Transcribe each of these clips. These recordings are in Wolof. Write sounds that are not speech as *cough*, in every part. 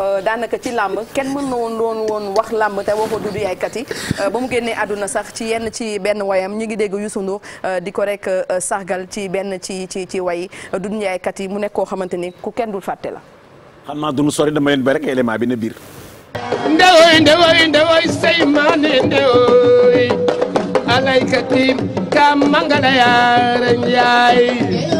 Euh, daanaka ci làmb kenn mën na woon doon woon wax làmb te waxoo Doudou Yaye Katy euh, ba mu génnee àdduna sax ci yenn ci benn wayam ñu ngi dégg Youssou Ndour euh, di ko rek sargal ci benn ci ci ci way Doudou Yaye Katy mu nekk koo xamante ni ku kenn dul fàtte la. xam naa duñu sori dama leen ba rek élément bi na biir. ndewoy ndewoy ndewoy say maane ndewoy alaykati ka mangala yaara njaay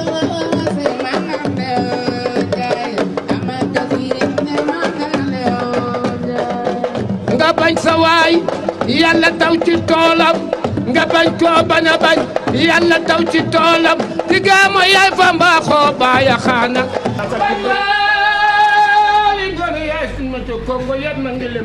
waay yàlla taw ci toolam nga bañ koo bañ a bañ yàlla taw ci toolam di gaamo yaay fa mbaaxoo baaya xaana bañ ma ci kongo yat ma le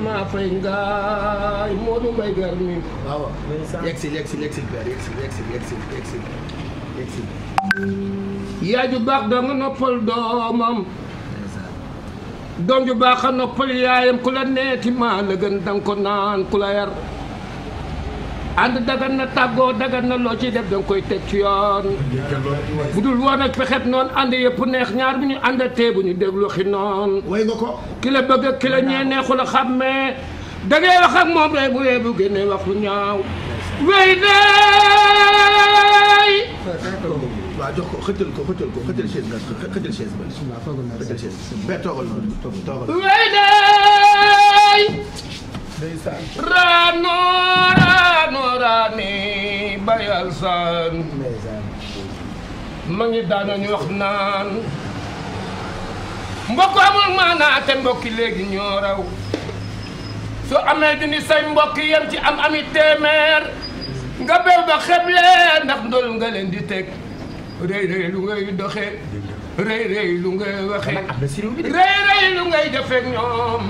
doom ju baax a noppal yaayam ku la neeti maa la gën danga ko naan ku la yar ànd dagan na tàggoo dagan na loo ci def danga koy teg ci yoon bu dul woon ak pexet noonu ànd yëpp neex ñaar bu ñu àndatee bu ñu déglu xi noonu way ki la bëgg ki la ñee neexu la xàmmee da ngay moom rek bu dee bu génnee wax ñaaw wey day waaw jox ko xëccal ko xëccal ko xëccal chaise nga xëccal chaise ba. waaw toogal naa xëccal chaise ba toogal noonu toogal. ndeysaan. raano raano raani bayal saan. ndeysaan. ma ngi daanoon ñu wax naan. mbokk amul maanaa te mbokki léegi ñoo raw. soo amee junni say mbokk yem ci am ami téeméer. nga béw ba xeble ndax ndol nga leen di teg. rëy rëy lu ngay doxee rëy rëy lu ngay waxee rëy rëy lu ngay jëfeek ñoom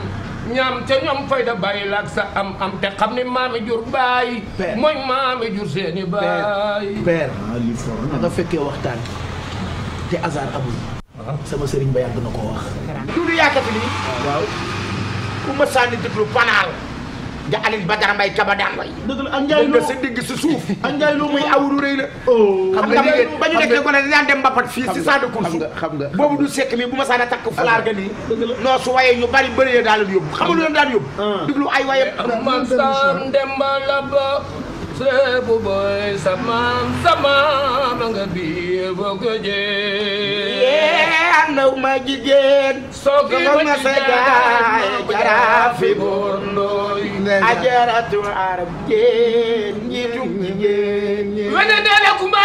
ñaam te ñoom fayda bàyyi laak sa am am te xam ni maami jur bàyyi mooy maami jur seeni bàyyi père da nga fekkee waxtaan te hasard amul ah. sama sëriñ ba yàgg na ko wax du du yàkkati lii waaw ku ma sànni déglu panaal da Alioune Badara Mbaye kaba daan way. dëgg la ak Ndiaye Lo sa digg sa suuf. ak Ndiaye Lo muy awru rëy la. Oh. xam nga li ba ñu nekk ko ne daan dem mbapat fii si saa de course. xam nga boobu du sekk mi bu ma saa takk fulaar ga nii. non su waye ñu bari bëree daal di yóbbu xamal lu daan yóbbu. Ah. déglu ay waye. man saan dem la ba. seebu boy samaam samaam nga biir boo ko jëlee. yee naw ma jigéen. soo ko ma jigéen ma jaraaf fi bondo ajaratu arab jeen njiitu jigéen ñi wene dana kumba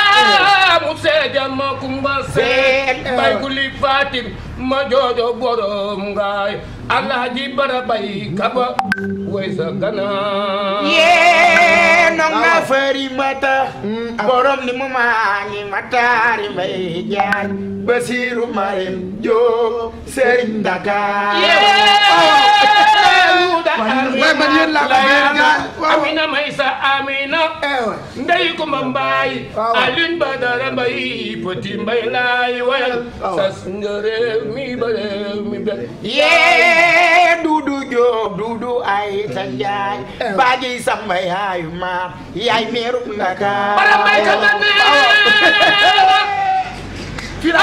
mu seeja ma kumba seet bay eh. guli fatim ma joojo borom ngaay alhaji bara bay kaba way sa ganaar yee nong na fari mata mm. borom ni mu maani mataari mbay jaar basiru marim joob sëriñ Dakar waaye man yéen laa ko waaw Amina Maysa Badara Mbaye Petit Mbaye laay wayal. sas nga réew mi ba yee Dudu Diop Dudu Ayta Ndiaye. Baaji Samba yaayu ma yaay meeru Ndakaar. Dudu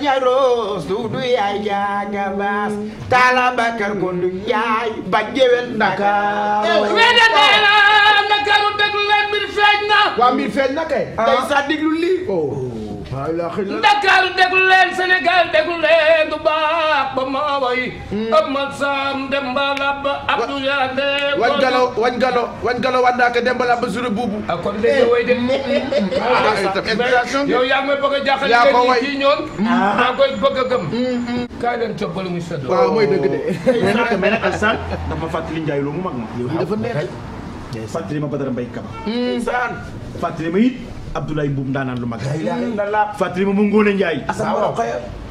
jaros, dudu yaay jaaga baas, tala bakar gondu yaay ba jëwel Ndakaaru. Wede eh, tala Ndakaaru déglu leen mbir feeñ na. Waa mbir feeñ na kay. Ah. Day sa déglu lii. Oh. Dakar déglu leen Sénégal déglu leen du baax ba ma way hmm. Amat Sam Demba Lab Abdou Yande wañ galo wañ galo wañ galo wandaake Demba Lab suru buubu a ah, kon dégg de eh. ah, ah, yow yaa ngi may bëgg a jàqal yaa ko way kii ñoon hmm. maa koy bëgg a gëm hmm, kaay leen coppali muy sedd waaw mooy dëgg de *laughs* mais nag Alsaan dafa fàttali Njaay loo mu mag ma yow dafa neex fàttali ma Saan fàttali ma it Abdoulaye Mboum ndaanaan lu mag. fàttali ma mu Ngone Ndiaye. waaw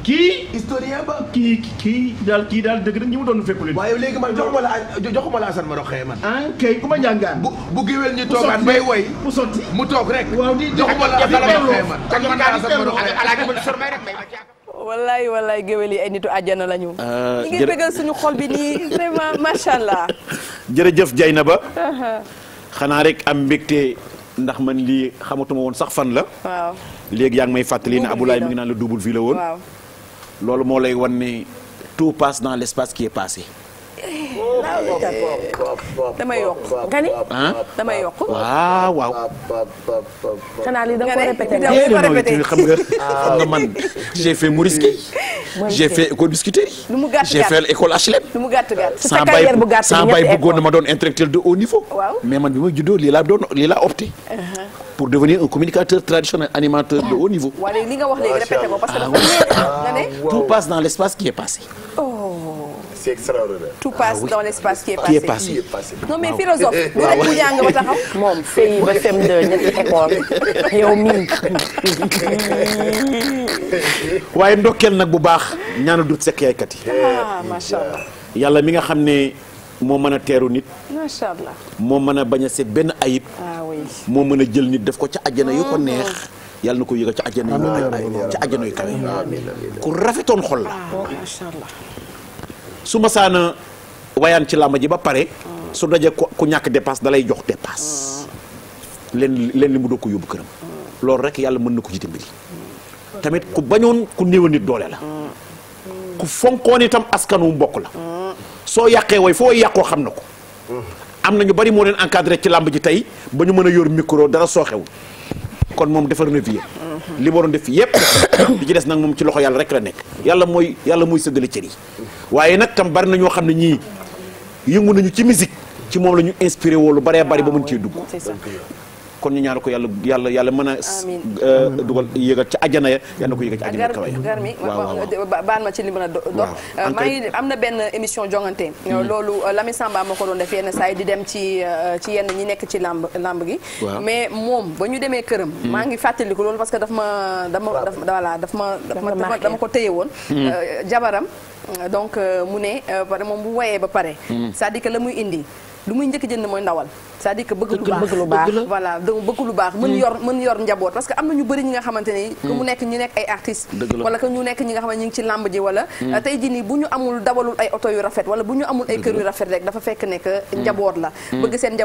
kii. historien ba kii kii daal kii daal dëgg rek ñi mu doon fekku leen. waaye léegi man joxuma la joxuma la Assane ma roqee man. Ah, kay ku ma njàngaan. bu bu géwél ñu toogaan bay woy. mu sotti toog rek. waaw di joxuma la Assane ma roqee man. man laa Assane ma yi ay nitu àjjana lañu. Ah, ñu ngi bëggal suñu xol bi nii vraiment macha allah. *laughs* jërëjëf Dieynaba. *laughs* xanaa rek am mbégte ndax man lii xamatuma woon sax fan la. waaw léegi yaa ngi may fàttali ne Aboulaye mi ngi naan la double vie la woon. loolu moo lay wan ne tout passe dans l' espace qui est passé. dama yokk nga ni. dama yokk. waaw waaw. xanaa lii da nga ko répété. da nga ko répété xam nga *laughs* xam nga ah, man j'ai fait Mouriski. j'ai fait école biscuiterie. H&M. lu mu gàtt gàtt j'ai fait école HLM. lu mu gàtt gàtt sa carrière bu gàtt bi sans bay bëggoon na ma doon intellectuel de haut niveau. waaw mais man bi ma juddoo lii laa doon lii laa opté. Uh-huh. pour devenir un communicateur traditionnel animateur de haut niveau. waaw léegi li nga wax léegi répété ko parce que. Ah, tout passe dans l'espace qui est passé. Oh. c'est extraordinaire. tout passe ah oui. dans l'espace qui est waaye ndokkeel nag bu baax ñaanu dut sekk yaaykat yi. Ah, macha yàlla mi nga xam ne moo mën a teeru nit. macha moo mën a bañ a seet benn ayib. Ah moo mën a jël nit def ko ca àjjana yu ko ah, neex. yàlla na ko yëgal ca àjjana yu ay ay ca àjjana yu kawe. ku rafetoon xol la. su ma wayaan ci làmb ji ba pare su daje ku ñàkk dépasse dalay jox dépasse leen leen li mu doo ko yóbbu këram loolu rek yàlla mën na ko ci dimbali tamit ku bañoon ku néew nit doole la ku fonkoon itam askan askanu mbokk la soo yàqee way foo yàqoo xam na ko am na ñu bari moo leen encadré ci làmb ji tey ba ñu mën a yor micro dara soo xewul kon moom defar na li doon def yépp *coughs* li ci des nag moom ci loxo yàlla rek la nekk yàlla mooy yàlla mooy séddale cër yi waaye nag tam bari na ñoo xam ne ñii yëngu nañu ci musique ci moom la ñu inspiré woo lu baree bari ba mën cee dugg kon ñu ñaar ko yàlla yàlla yàlla mën a euh, dugal yëgal ci ajana ya yàlla na ko yëgal ci àjjana kaw ya garmi baan ma ci li mën a dox maa ngi am na benn émission jongante hmm. loolu euh, Lamine Samba moo ko doon def yenn saa yi di dem ci euh, ci yenn ñi nekk ci lamb lamb gi mais moom ba ñu demee këram hmm. maa ngi fàttaliku loolu parce que daf ma dama voilà daf ma dama ko téye woon hmm. jabaram donc mu ne pare moom bu woyee ba pare cest à la muy indi lu muy njëkk jënd mooy ndawal c'est-à-dire que bëgg lu baax bëgg lu baax voilà donc bëgg lu baax mën mm. yor mën yor njaboot parce que am na ñu bëri ñi nga xamante ni mm. mu nekk ñu nekk ay artistes wala que ñu nekk ñi nga xam ne ñu ngi ci mm.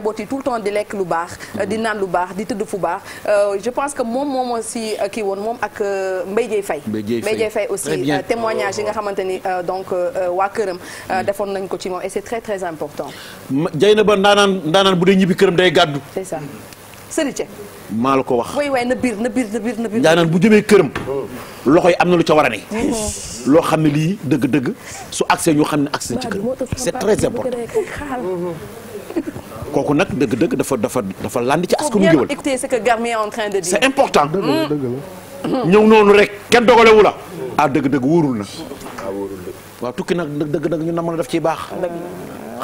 temps di lekk lu baax di naan lu baax di tëdd fu baax euh, je pense que moom moom aussi euh, kii woon moom ak euh, Mbaye Dieye Faye Mbaye Dieye Faye aussi témoignage yi nga oh, oh, oh. xamante ni donc waa këram defoon nañ ko ci moom et c'est très très important ñibbi këram day gàddu. c'est ça sëriñ maa la ko wax. waay waay na biir na biir na biir na biir. daa bu jëmee këram. Oh. loxo yi am na lu ca war a ne. Oh. loo xam ne lii dëgg-dëgg su accès ñu xam ne accès ci këram. c'est très important. *laughs* kooku nag dëgg-dëgg dafa dafa dafa land ci askanu géwël. écoutez ce que Garmi est en train de dire. c'est important. Mm. Mm. ñëw noonu rek kenn dogalewu la. Mm. a ah, dëgg-dëgg wóorul na. Ah, waaw tukki nag dëgg-dëgg ñu na mën a def ciy baax.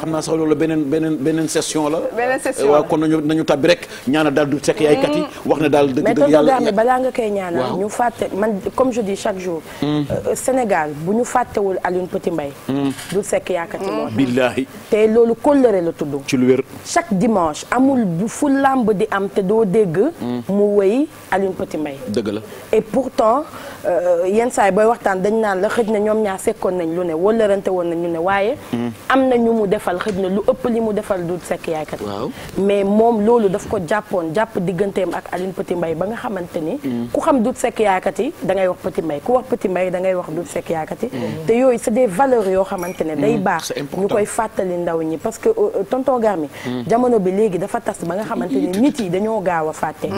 xam naa sax loolu beneen beneen beneen session la. beneen euh, session la kon nañu nañu tabbi rek ñaanal daal du sekk yaay kat yi. wax na daal dëgg dëgg yàlla mais balaa nga koy ñaanal. ñu fàtte man comme je dis chaque jour. Hmm. Euh, Sénégal bu ñu fàttewul Alioune Petit Mbaye. Hmm. du sekk yaay kat yi moo billaahi te loolu kóllëre la tudd. ci lu wér. chaque dimanche amul bu fu làmb di am te doo dégg. Hmm. mu wéy Alioune Petit mbay dëgg la et pourtant euh, yenn saa yi booy waxtaan dañ naan la xëj na ñoom ñaa sekkoon nañ lu ne wëllërante woon nañ lu ne waaye. am na ñu mu def defal lu ëpp li mu defal Doudou Seck yaay kat mais moom loolu daf ko jàppoon jàpp digganteem ak Aline Petit mbay ba nga xamante ni mm. ku xam du Seck yaay kat yi da ngay wax Petit Mbaye ku wax Petit mbay da ngay wax du sekk yaay kat yi mm. te yooyu c'est des valeurs yoo xamante ne day mm. baax ñu koy fàttali ndaw ñi parce que euh, euh, tonton Garmi jamono bi léegi dafa tas ba nga xamante ni nit yi dañoo gaaw a fàtte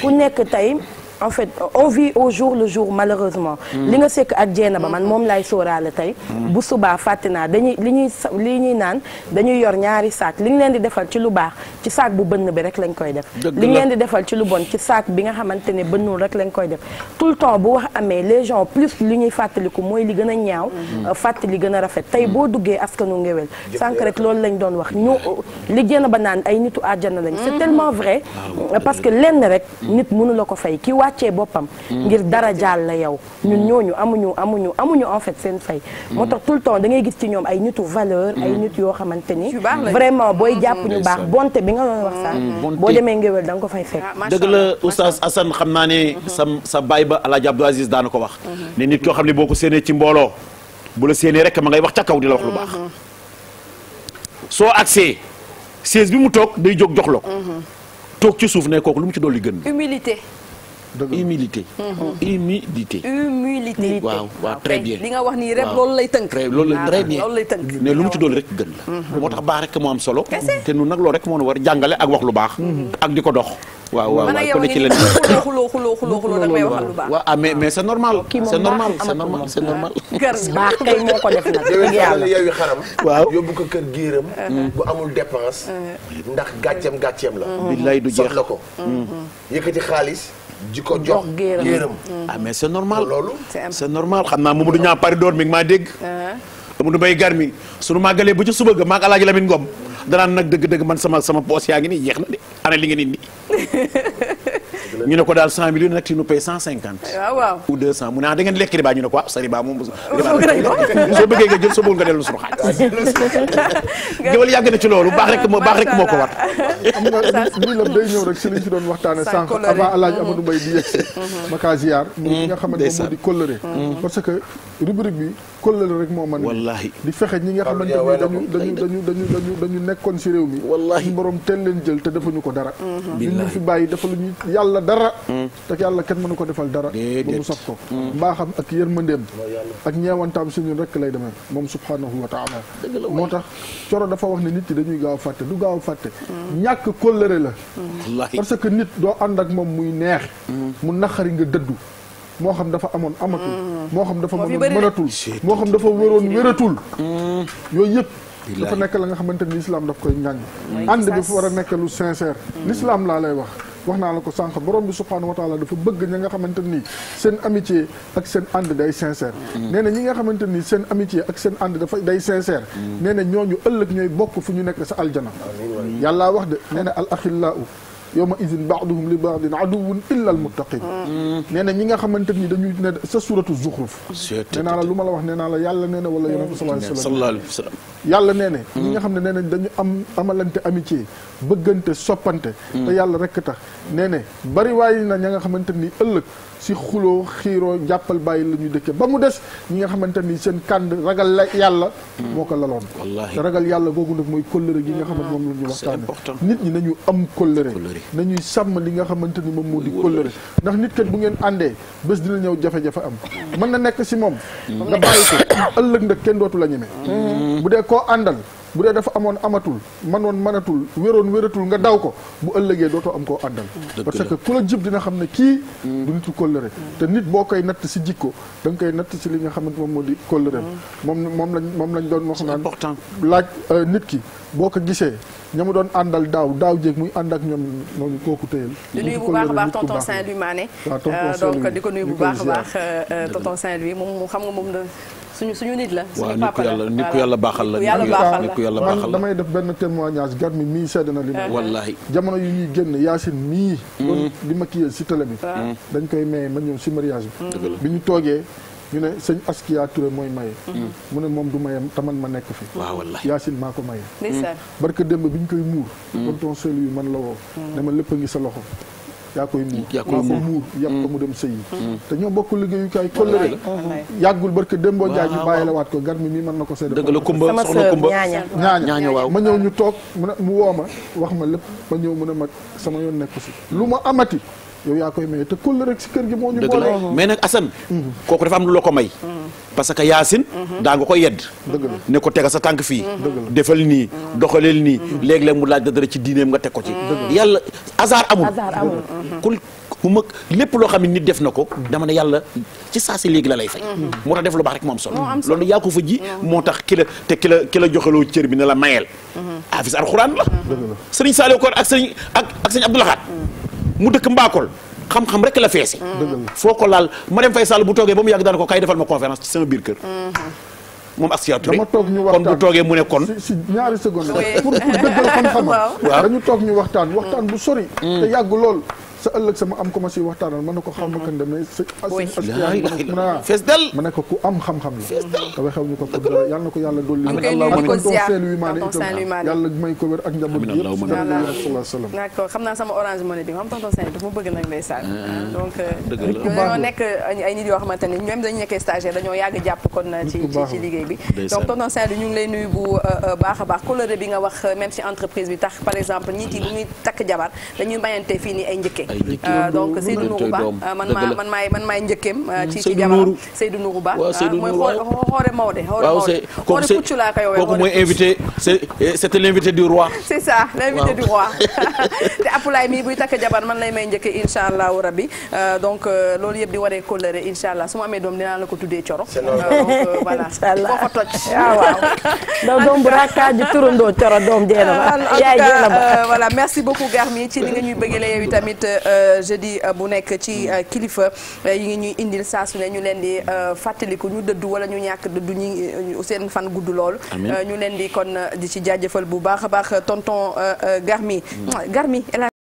ku nekk tey en fait on vit au jour le jour malheureusement. Mm. li nga sekk ak jeena ba mm. man moom laay sóoraale tey. Mm. bu subaa fàtte naa dañuy li ñuy li ñuy naan dañuy yor ñaari saak li ñu leen di defal ci lu baax ci saak bu bënn bi rek lañ koy def. li ñu di defal ci lu bon ci saak bi nga xamante ne bënnul rek lañ koy def tout le temps bu wax amee les gens plus li ñuy fàttaliku mooy li gën a ñaaw. Euh, fàttali gën a rafet tey boo duggee askanu ngewel sànq rek loolu lañ doon wax ñu li jeena ba naan ay nitu àjjana lañ. c'est tellement ah, parce que lenn rek nit mënu ko fay wàccee boppam ngir dara jaal la yow ñun ñooñu amuñu amuñu amuñu en seen fay moo tax tout le da ngay gis ci ñoom ay nitu valeur nit yoo xamante ni vraiment booy jàpp ñu mm. baax bonté bi nga doon mm. mm. boo demee ngéwél da ko fay fekk ah, dëgg la oustaz Assane xam naa ne mm-hmm. sa sa baay ba Alaaji Abdou Aziz daana ko wax mm-hmm. ne nit koo xam ne boo ko séenee ci mbooloo bu la séenee rek ma ngay wax ca kaw di la wax lu baax mm-hmm. soo agsee siège bi mu toog day jóg jox la ko toog ci suuf ne kooku lu mu ci dolli gën humilité humilité. Mhm. humilité. humilité waaw waaw très bien. li nga wax nii rek loolu lay tënk. Ah, loolu lay tënk. mais lu mu ci dool rek gën la. Mhm. moo tax baax rek moo am solo. te nun nag loolu rek moo war jàngale ak wax lu baax. Mhm. ak di ko dox. waaw waaw waaw ku ne ci leen *laughs* xuloo xuloo xuloo xuloo da may waxal lu baax. waaw ah, mais mais c'est normal. c'est normal c'est normal c'est *laughs* baax kay moo ko def nag. dëgg yàlla yow xaram. waaw yóbbu ko kër giiram. bu amul dépense. ndax gàcceem gàcceem la. billaay du jeex soxla ko. yëkkati xaalis. di ko jox géeram mm-hmm. ah mais c'est normal loolu c'est normal xam naa Mamadou ñaa pari door mi ngi maa dégg uh-huh. Amadou Mbaye gar mi suñu màggalee bu ci suba ga maag laaj Lamine Ngom danaan nag dëgg-dëgg man sama sama poos yaa ngi nii jeex na de ana li ngeen indi *laughs* ñu ne ko daal 100 millions nag tu nous payes 150. waaw waaw ou 200 mu ah, lekk riba ñu ne ko waaw sa riba moom. *laughs* *laughs* soo bëggee nga jël soo bëggul nga dellu suñu xaaj. *laughs* nga lii la mm-hmm. Mm-hmm. Mm-hmm. bi kóllëre rek moo mën. wallaahi di fexe ñi nga xamante ni dañu dañu dañu dañu dañu nekkoon si réew mi. wallaahi borom teel leen jël te defuñu ko dara. billahi ñu fi bàyyi dafa lu ñu yàlla dara. dara hmm. te yàlla kenn mënu ko defal dara ba mu sof ko mbaaxam ak yërmandeem ak ñeewantaam si ñun rekk lay demee moom subhaanahu wa taala moo tax coro dafa wax ne nit yi dañuy gaaw fàtte du gaaw fàtte ñàkk kóllëre la parce que nit doo ànd ak moom muy neex mu naqari nga dëddu moo xam dafa amoon amatul hmm. moo xam dafa mënoon mënatul moo xam dafa wéroon wératul hmm. yooyu yëpp dafa nekk la nga xamante ni islam daf koy ñàng ànd bi fa war a nekk lu sincère l'islam laa lay wax wax naa la ko sànq borom bi subhaanahu wa taala dafa bëgg ñi nga xamante nii seen amitié ak seen ànd day sincère mm. nee na ñi nga xamante ni seen amitié ak seen ànd dafa day sincère mm. nee ñoo ñu ëllëg ñooy bokk fu ñu nekk sa aljana yàllaa wax de nee na al axillaa yawma idin baaduhum li baadin aduwun illa al muttaqin mm. nee na ñi nga xamante ni dañuy ne sa suuratu zuxruf nee naa la lu ma la wax nee naa la yàlla nee na wala yonent sallallahu alayhi wa sallam yàlla nee na ñi nga xam ne nee nañ dañu am amalante amitié bëggante soppante mm. te yàlla rekk tax nee ne bari waaye na ña nga xamante ni ëllëg si xuloo xiiroo jàppal bàyyi la ñu dëkke ba mu des ñi nga xamante ni seen kànd ragal la yàlla mm. moo ko laloon te ragal yàlla googu nag mooy kóllëre gi nga xamante mm. moom la ñu waxtaane nit ñi nañu am kóllëre nañuy sàmm li nga xamante ni moom moo di kóllëre ndax nit kat bu ngeen àndee bés dina ñëw jafe-jafe am mën na nekk si moom nga bàyyi ko ëllëg nag kenn dootu la ñeme bu dee koo àndal bu dee dafa amoon amatul manoon manatul wéroon wératul nga daw ko bu ëllëgee dootoo am koo àndal parce que ku la jib dina xam ne kii du nitu kóllëre te nit boo koy natt si jikko da nga koy natt si li nga xamante moom moo di kóllëre moom moom lañ moom lañ doon wax naan laaj euh, nit ki boo ko gisee ña mu doon àndal daaw daaw jéeg muy ànd ak ñoom moom kooku téyel di nuyu bu baax a baax tonton Saint-Louis Mané ah, euh, donc ko nuyu bu baax a baax euh, tonton Saint-Louis moom xam nga moom suñu suñu nit la suñu papa la waaw nit ku yàlla baaxal la nit ku yàlla baaxal la damay def benn témoignage gar mi mii sedd na li ma wallaahi jamono yu ñuy génn Yacine mii mm-hmm. doon di ma kiyee si télé bi mm-hmm. dañ koy maye ma ñëw si mariage bi mm-hmm. bi ñu toogee ñu ne sëñ Askia Touré mooy maye. mu ne moom du mayam taman ma nekk fi. waaw wallaahi Yacine maa ko maye. barke démb bi ñu koy muur. kontoon selu yu man la woo. ne ma lépp a ngi sa loxo. yaa koy muur yaa ko muur yàpp ko mm. mu dem sëyi mm. te ñoo bokk liggéeyukaay kóllëre yàggul barke Dembo Njaay ñu bàyyi la waat ko garmi mi mën na ko seede dëgg la kumba soxna kumba ñaaña ma ñëw ñu toog mu woo ma wax ma lépp ma ñëw mën a mag sama yoon nekku si lu ma amati yow yaa koy maye te kóllëre si kër gi moo ñu boole mais nag Assane mm-hmm. kooku dafa am lu la ko may mm. parce que Yaasin. Mhm. daa nga koy yedd. ne ko tegal sa tànk fii. Mhm. defal nii mhm. doxaleel nii. léeg-léeg mu laaj dara ci diineem nga teg ko ci. yàlla hasard amul. kul mu lépp loo xam ne nit def na ko. dama ne yàlla ci saa si léegi la lay fay. moo tax def lu baax rek moo am solo. loolu yaa ko fa ji moo tax ki la te ki la ki la joxeloo cër bi ne la mayel. afis alxuraan la. Serigne Saliou Kor ak Serigne ak ak Serigne mu dëkk Mbakol. xam-xam rek la feese foo ko laal Marième Faye Sall bu toogee ba mu yàgg daana ko kay defal ma conférence ci sama biir kër mhm. moom ak Sia Touré dama ñu waxtaan kon bu toogee mu ne kon. si ñaari secondes pour pour dëggal xam-xamam. *laughs* waaw dañu toog ñu waxtaan waxtaan bu sori. Mm. te yàgg lool. sa ëllëg sama am ko ma waxtaanal ma ne ko xaw ma kan de mais si ku am xam-xam la te waxew ñu ko pour dara yàlla na ko yàlla dolli seen wi maane ak njaboot gi yëpp xam naa sama orange money bi xam tonton ah, ah. Euh, nekk ay nit yoo xamante ne ñoom dañu nekkee stagiaire dañoo yàgg jàpp kon ci ci liggéey bi donc tonton Sane ñu ngi lay nuyu bu euh, euh, baax a baax coloré bi nga wax même si entreprise bi tax par exemple ñi ci bu ñuy takk jabar dañuy bañante fii ni ay njëkke Euh, donc Seydou Nourou Ba euh, man maa man maay man maay njëkkeem euh, ci ci jabaram Seydou Nourou Ba mooy xoore Maodo xoore Maodo kuccu laa koy woowee kooku mooy invité eh, c'était l'invité du roi *laughs* c'est ça l'invité du roi *laughs* *laughs* te Apulaay mii buy takk jabar man lay may njëkke insha allahu rabbi donc loolu yëpp di waree kóllëre insha allah su ma amee doom dinaa la ko tuddee coro donc voilà boo ko toj ah, waaw ndaw doom bu rakkaaju turandoo coro doom jeena ba yaay jeena ba voilà merci beaucoup Garmi ci li nga ñuy bëggee la yow tamit Euh, jeudi euh, bu nekk ci mm. euh, kilifa yi ngi ñuy indil saa su ne ñu leen di fàttaliku ñu dëddu wala ñu ñàkk dëddu ñi seen fan gudd lool. ñu leen di kon di ci jaajëfal bu baax a baax tonton Garmi mm. Garmi